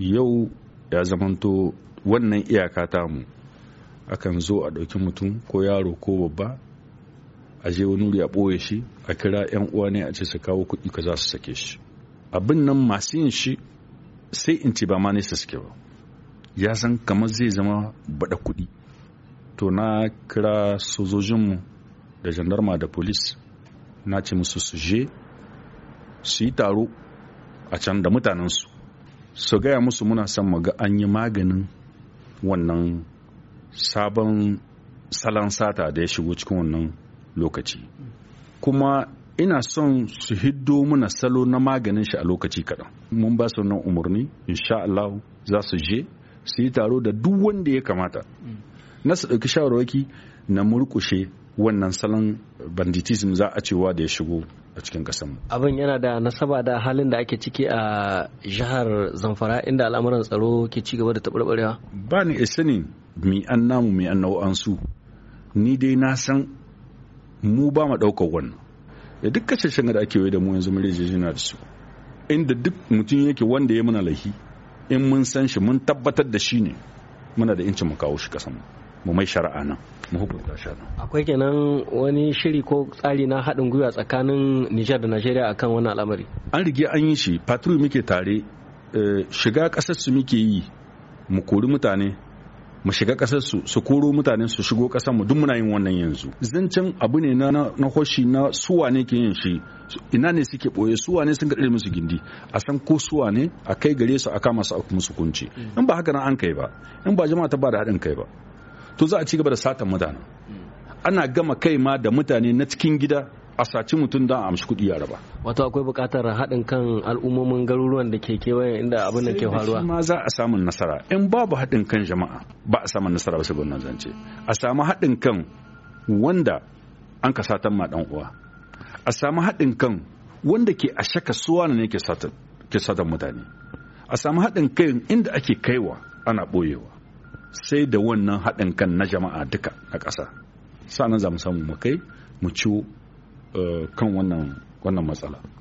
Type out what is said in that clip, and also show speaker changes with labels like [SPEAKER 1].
[SPEAKER 1] yau ya zamanto wannan iyaka tamu akan zo a ɗauki mutum ko yaro ko babba a je wani wuri a ɓoye shi a kira 'yan uwa ne a ce su kawo kuɗi ka za su sake shi abin nan masu yin shi sai in ce ba ma nesa suke ba ya san kamar zai zama baɗa kuɗi to na kira sojojinmu da jandarma da polis na ce musu su je su yi taro a can da mutanensu su gaya musu muna son mu ga an yi maganin wannan sabon salon sata da ya shigo cikin wannan lokaci kuma ina son su hiddo muna salo na maganin shi a lokaci kaɗan mun ba su nan umarni insha Allah za su je su yi taro da duk wanda ya kamata na su ɗauki shawarwaki na murkushe wannan salon banditism za a cewa da ya shigo a cikin kasanmu.
[SPEAKER 2] Abin yana da nasaba da halin da ake ciki a jihar Zamfara inda al'amuran tsaro ke ci gaba da taɓarɓarewa.
[SPEAKER 1] Ba ni sani mi an namu mi an Ni dai na san mu ba ma ɗaukar wannan. Da duk kasashen da ake yi da mu yanzu mun yana da su. Inda duk mutum yake wanda ya muna lahi in mun san shi mun tabbatar da shi ne muna da incin mu kawo shi kasanmu. mu mai shari'a nan mu hukunta shi nan
[SPEAKER 2] akwai kenan wani shiri ko tsari na haɗin gwiwa tsakanin Nijar da Najeriya akan wannan al'amari
[SPEAKER 1] an rige an yi shi patrol muke tare eh, shiga ƙasar su muke yi mu kori mutane mu shiga ƙasar su su koro mutane su shigo ƙasar mu duk muna yin wannan yanzu zancen abu ne na na hoshi na suwa ne ke yin shi ina ne suke boye suwa ne sun ga musu gindi a san ko suwa ne a kai gare su a kama su a kuma kunci mm. in ba haka nan an kai ba in ba jama'a ta ba da haɗin kai ba to za a ci gaba da satan mutane ana gama kai ma da mutane na cikin gida a saci mutum don a amshi kuɗi ya raba.
[SPEAKER 2] Wato akwai buƙatar haɗin kan al'ummomin garuruwan da ke kewaye inda abin da ke faruwa. Sai
[SPEAKER 1] ma za a samu nasara in babu haɗin kan jama'a ba a samu nasara ba saboda zance. A samu haɗin kan wanda an ka satan ma ɗan uwa. A samu haɗin kan wanda ke a shaka suwa ne ke satan mutane. A samu haɗin kai inda ake kaiwa ana ɓoyewa. sai da wannan haɗin kan na jama'a duka a ƙasa sa'an za mu samu mu kai mu ciwo eh, kan wannan matsala